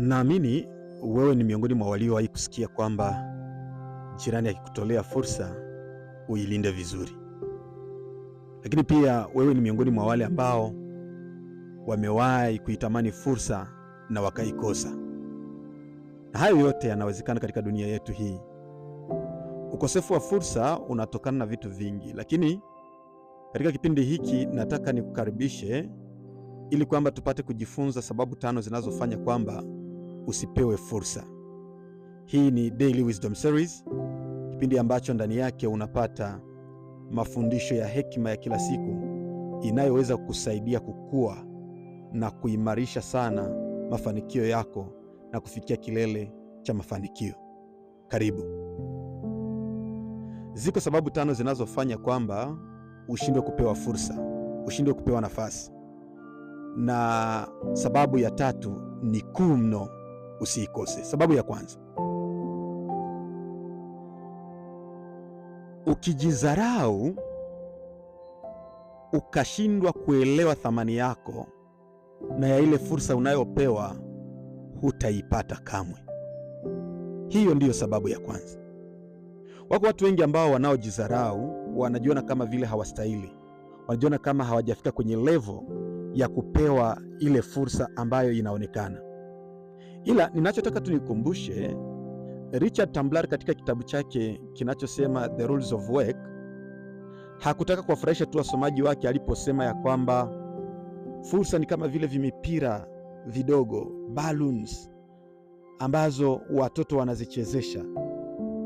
Naamini wewe ni miongoni mwa waliowahi kusikia kwamba jirani akikutolea fursa uilinde vizuri, lakini pia wewe ni miongoni mwa wale ambao wamewahi kuitamani fursa na wakaikosa. Na hayo yote yanawezekana katika dunia yetu hii. Ukosefu wa fursa unatokana na vitu vingi, lakini katika kipindi hiki nataka nikukaribishe ili kwamba tupate kujifunza sababu tano zinazofanya kwamba usipewe fursa. Hii ni Daily Wisdom Series, kipindi ambacho ndani yake unapata mafundisho ya hekima ya kila siku inayoweza kukusaidia kukua na kuimarisha sana mafanikio yako na kufikia kilele cha mafanikio. Karibu. Ziko sababu tano zinazofanya kwamba ushindwe kupewa fursa, ushindwe kupewa nafasi, na sababu ya tatu ni kuu mno usiikose. Sababu ya kwanza, ukijidharau ukashindwa kuelewa thamani yako na ya ile fursa unayopewa, hutaipata kamwe. Hiyo ndiyo sababu ya kwanza. Wako watu wengi ambao wanaojidharau wanajiona kama vile hawastahili, wanajiona kama hawajafika kwenye levo ya kupewa ile fursa ambayo inaonekana. Ila ninachotaka tunikumbushe, Richard Tamblar katika kitabu chake kinachosema The Rules of Work hakutaka kuwafurahisha tu wasomaji wake aliposema ya kwamba fursa ni kama vile vimipira vidogo balloons, ambazo watoto wanazichezesha,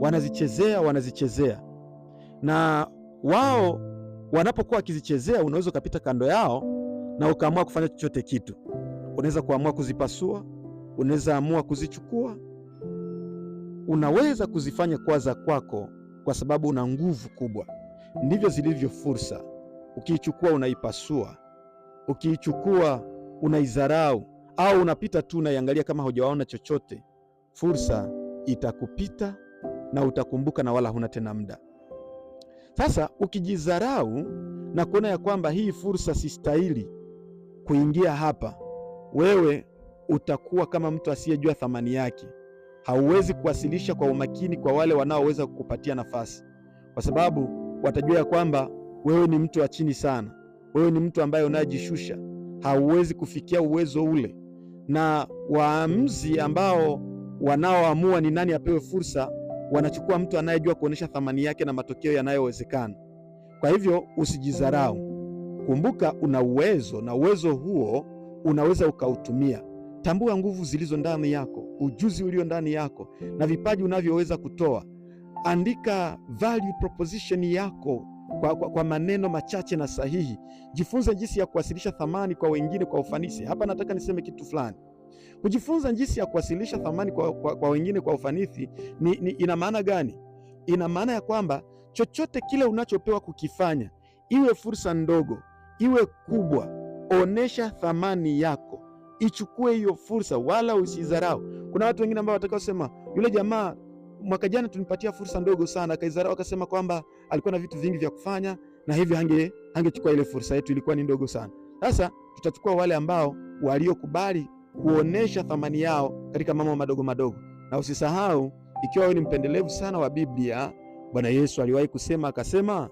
wanazichezea, wanazichezea na wao wanapokuwa wakizichezea, unaweza ukapita kando yao na ukaamua kufanya chochote kitu. Unaweza kuamua kuzipasua unaweza amua kuzichukua, unaweza kuzifanya kuwa za kwako, kwa sababu una nguvu kubwa. Ndivyo zilivyo fursa. Ukiichukua unaipasua, ukiichukua unaidharau, au unapita tu unaiangalia kama hujawaona chochote. Fursa itakupita na utakumbuka, na wala huna tena muda. Sasa ukijidharau na kuona ya kwamba hii fursa sistahili kuingia hapa, wewe utakuwa kama mtu asiyejua thamani yake. Hauwezi kuwasilisha kwa umakini kwa wale wanaoweza kukupatia nafasi, kwa sababu watajua ya kwamba wewe ni mtu wa chini sana, wewe ni mtu ambaye unajishusha, hauwezi kufikia uwezo ule. Na waamuzi ambao wanaoamua ni nani apewe fursa, wanachukua mtu anayejua kuonyesha thamani yake na matokeo yanayowezekana. Kwa hivyo usijidharau, kumbuka una uwezo, na uwezo huo unaweza ukautumia. Tambua nguvu zilizo ndani yako, ujuzi ulio ndani yako na vipaji unavyoweza kutoa. Andika value proposition yako kwa, kwa, kwa maneno machache na sahihi. Jifunze jinsi ya kuwasilisha thamani kwa wengine kwa ufanisi. Hapa nataka niseme kitu fulani. Kujifunza jinsi ya kuwasilisha thamani kwa, kwa, kwa wengine kwa ufanisi ni, ni, ina maana gani? Ina maana ya kwamba chochote kile unachopewa kukifanya, iwe fursa ndogo, iwe kubwa, onesha thamani yako ichukue hiyo fursa, wala usizarau Kuna watu wengine ambao watakao yule jamaa mwaka jana tulimpatia fursa ndogo sana, akaidharau, akasema kwamba alikuwa na vitu vingi vya kufanya na hivyo hange hangechukua ile fursa yetu, ilikuwa ni ndogo sana. Sasa tutachukua wale ambao waliokubali kuonesha thamani yao katika mambo madogo madogo. Na usisahau, ikiwa wewe ni mpendelevu sana wa Biblia, Bwana Yesu aliwahi kusema akasema,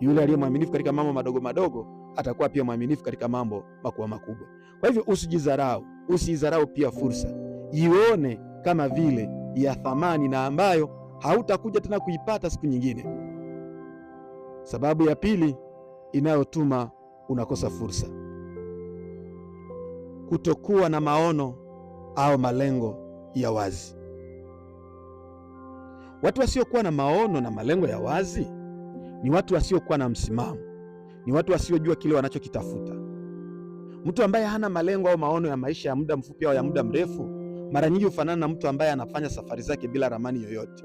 yule aliye mwaminifu katika mambo madogo madogo atakuwa pia mwaminifu katika mambo makubwa makubwa. Kwa hivyo usijidharau, usidharau pia fursa, ione kama vile ya thamani na ambayo hautakuja tena kuipata siku nyingine. Sababu ya pili inayotuma unakosa fursa, kutokuwa na maono au malengo ya wazi. Watu wasiokuwa na maono na malengo ya wazi ni watu wasiokuwa na msimamo ni watu wasiojua kile wanachokitafuta. Mtu ambaye hana malengo au maono ya maisha ya muda mfupi au ya muda mrefu mara nyingi hufanana na mtu ambaye anafanya safari zake bila ramani yoyote.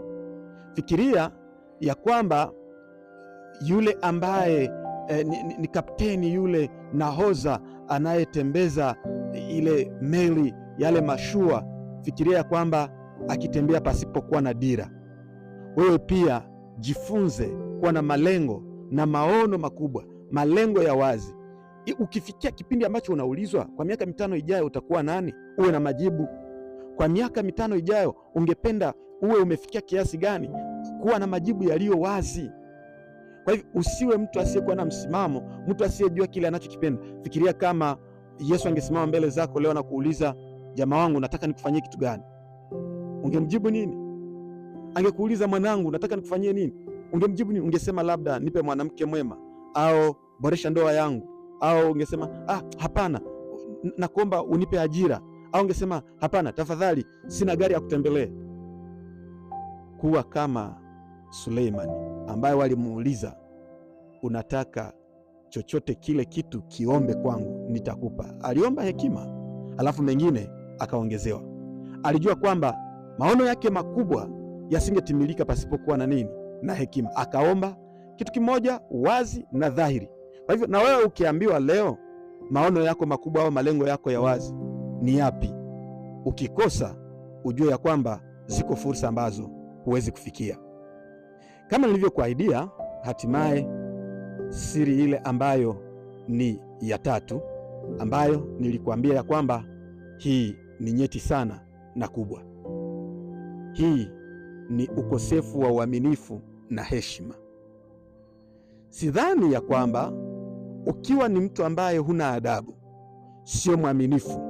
Fikiria ya kwamba yule ambaye eh, ni, ni, ni kapteni yule nahoza anayetembeza ile meli yale mashua, fikiria ya kwamba akitembea pasipokuwa na dira. Wewe pia jifunze kuwa na malengo na maono makubwa malengo ya wazi. Ukifikia kipindi ambacho unaulizwa kwa miaka mitano ijayo utakuwa nani, uwe na majibu. Kwa miaka mitano ijayo ungependa uwe umefikia kiasi gani? Kuwa na majibu yaliyo wazi. Kwa hivyo usiwe mtu asiyekuwa na msimamo, mtu asiyejua kile anachokipenda. Fikiria kama Yesu angesimama mbele zako leo na kuuliza, jamaa wangu, nataka nikufanyie kitu gani? Ungemjibu nini? Angekuuliza mwanangu, nataka nikufanyie nini? Ungemjibu nini? Ungesema labda nipe mwanamke mwema au boresha ndoa yangu, au ungesema ah, hapana, nakuomba unipe ajira, au ungesema hapana, tafadhali sina gari ya kutembelea. Kuwa kama Suleimani ambaye walimuuliza unataka chochote kile kitu kiombe kwangu nitakupa. Aliomba hekima, alafu mengine akaongezewa. Alijua kwamba maono yake makubwa yasingetimilika pasipokuwa na nini? Na hekima. Akaomba kitu kimoja wazi na dhahiri. Kwa hivyo, na wewe ukiambiwa leo maono yako makubwa au malengo yako ya wazi ni yapi, ukikosa ujue ya kwamba ziko fursa ambazo huwezi kufikia. Kama nilivyokuahidia, hatimaye siri ile ambayo ni ya tatu, ambayo nilikuambia ya kwamba hii ni nyeti sana na kubwa, hii ni ukosefu wa uaminifu na heshima. Sidhani ya kwamba ukiwa ni mtu ambaye huna adabu, sio mwaminifu,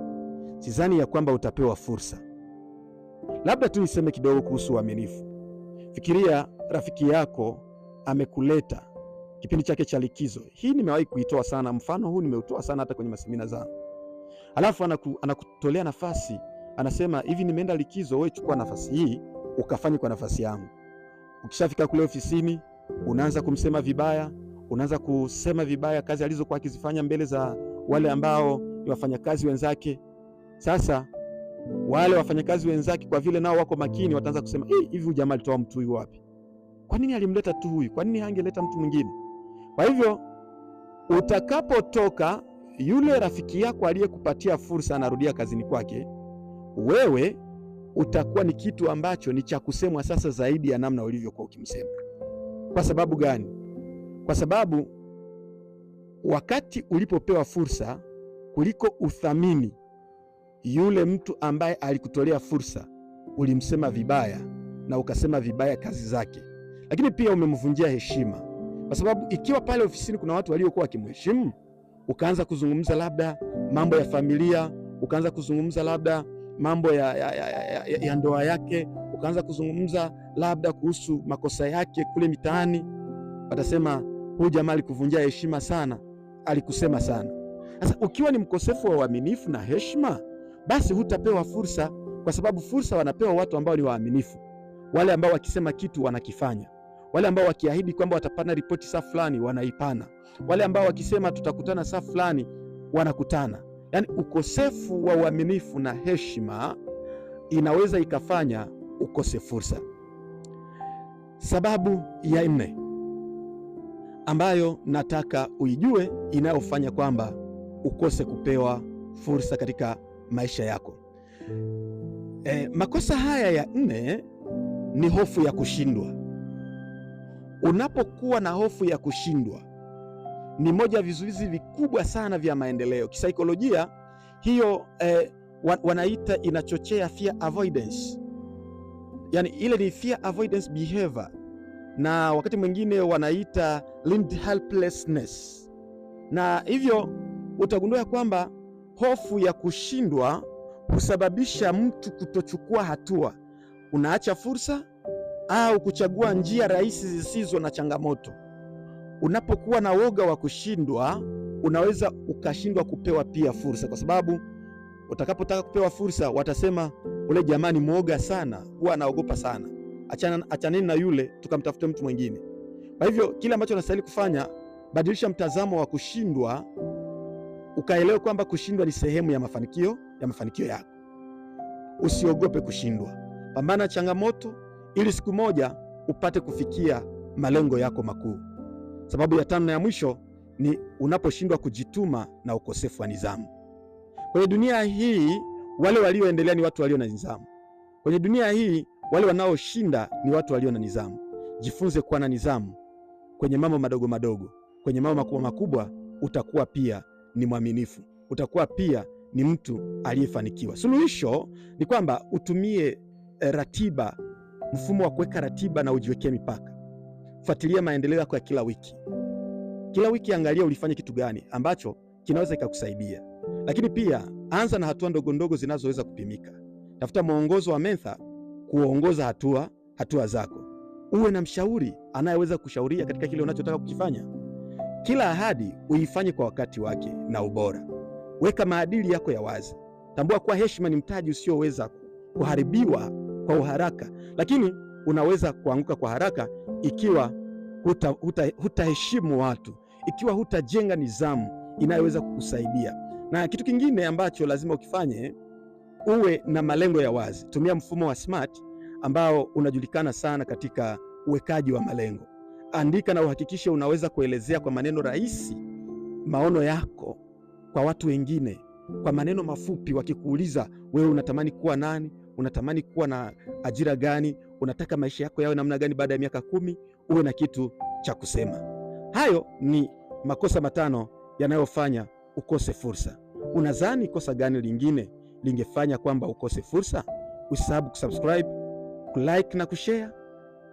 sidhani ya kwamba utapewa fursa. Labda tu niseme kidogo kuhusu uaminifu. Fikiria rafiki yako amekuleta kipindi chake cha likizo. Hii nimewahi kuitoa sana, mfano huu nimeutoa sana hata kwenye masemina zangu. Alafu anaku, anakutolea nafasi, anasema hivi, nimeenda likizo, wewe chukua nafasi hii ukafanye kwa nafasi yangu. Ukishafika kule ofisini unaanza kumsema vibaya, unaanza kusema vibaya kazi alizokuwa akizifanya mbele za wale ambao ni wafanyakazi wenzake. Sasa wale wafanyakazi wenzake kwa vile nao wako makini, wataanza kusema hivi, huyu jamaa alitoa mtu huyu wapi? Kwa nini alimleta tu huyu? Kwa nini hangeleta mtu mwingine? Kwa hivyo utakapotoka, yule rafiki yako aliyekupatia fursa anarudia kazini kwake, wewe utakuwa ni kitu ambacho ni cha kusemwa sasa zaidi ya namna ulivyokuwa ukimsema. Kwa sababu gani? Kwa sababu wakati ulipopewa fursa kuliko uthamini yule mtu ambaye alikutolea fursa, ulimsema vibaya na ukasema vibaya kazi zake, lakini pia umemvunjia heshima, kwa sababu ikiwa pale ofisini kuna watu waliokuwa wakimheshimu, ukaanza kuzungumza labda mambo ya familia, ukaanza kuzungumza labda mambo ya, ya, ya, ya, ya, ya ndoa yake, ukaanza kuzungumza labda kuhusu makosa yake kule mitaani, watasema huyu jamaa alikuvunjia heshima sana, alikusema sana. Sasa ukiwa ni mkosefu wa uaminifu na heshima, basi hutapewa fursa, kwa sababu fursa wanapewa watu ambao ni waaminifu, wale ambao wakisema kitu wanakifanya wale ambao wakiahidi kwamba watapana ripoti saa fulani wanaipana, wale ambao wakisema tutakutana saa fulani wanakutana. Yaani ukosefu wa uaminifu na heshima inaweza ikafanya ukose fursa. Sababu ya nne ambayo nataka uijue inayofanya kwamba ukose kupewa fursa katika maisha yako. E, makosa haya ya nne ni hofu ya kushindwa. Unapokuwa na hofu ya kushindwa ni moja ya vizuizi vikubwa sana vya maendeleo kisaikolojia. Hiyo eh, wanaita inachochea fear avoidance, yani ile ni fear avoidance behavior, na wakati mwingine wanaita learned helplessness. Na hivyo utagundua kwamba hofu ya kushindwa husababisha mtu kutochukua hatua, unaacha fursa au kuchagua njia rahisi zisizo na changamoto. Unapokuwa na woga wa kushindwa, unaweza ukashindwa kupewa pia fursa, kwa sababu utakapotaka kupewa fursa watasema, ule jamani mwoga sana, huwa anaogopa sana, achana achaneni na yule, tukamtafute mtu mwingine. Kwa hivyo kile ambacho unastahili kufanya, badilisha mtazamo wa kushindwa, ukaelewe kwamba kushindwa ni sehemu ya mafanikio ya mafanikio yako. Usiogope kushindwa, pambana changamoto ili siku moja upate kufikia malengo yako makuu. Sababu ya tano na ya mwisho ni unaposhindwa kujituma na ukosefu wa nidhamu. Kwenye dunia hii wale walioendelea ni watu walio na nidhamu. Kwenye dunia hii wale wanaoshinda ni watu walio na nidhamu. Jifunze kuwa na nidhamu kwenye mambo madogo madogo. Kwenye mambo makubwa makubwa utakuwa pia ni mwaminifu, utakuwa pia ni mtu aliyefanikiwa. Suluhisho ni kwamba utumie eh, ratiba, mfumo wa kuweka ratiba na ujiwekee mipaka fuatilia maendeleo yako ya kila wiki. Kila wiki angalia ulifanya kitu gani ambacho kinaweza kikakusaidia, lakini pia anza na hatua ndogondogo zinazoweza kupimika. Tafuta mwongozo wa Mentha kuongoza hatua hatua zako. Uwe na mshauri anayeweza kushauria katika kile unachotaka kukifanya. Kila ahadi uifanye kwa wakati wake na ubora. Weka maadili yako ya wazi. Tambua kuwa heshima ni mtaji usioweza kuharibiwa kwa uharaka, lakini unaweza kuanguka kwa haraka ikiwa hutaheshimu huta, huta watu, ikiwa hutajenga nizamu inayoweza kukusaidia. Na kitu kingine ambacho lazima ukifanye, uwe na malengo ya wazi. Tumia mfumo wa SMART ambao unajulikana sana katika uwekaji wa malengo. Andika na uhakikishe unaweza kuelezea kwa maneno rahisi maono yako kwa watu wengine, kwa maneno mafupi. Wakikuuliza wewe unatamani kuwa nani, unatamani kuwa na ajira gani, unataka maisha yako yawe namna gani baada ya miaka kumi, uwe na kitu cha kusema. Hayo ni makosa matano yanayofanya ukose fursa. Unadhani kosa gani lingine lingefanya kwamba ukose fursa? Usisahau kusubscribe, kulike na kushare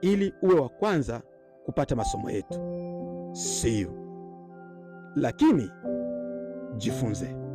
ili uwe wa kwanza kupata masomo yetu. See you. Lakini jifunze.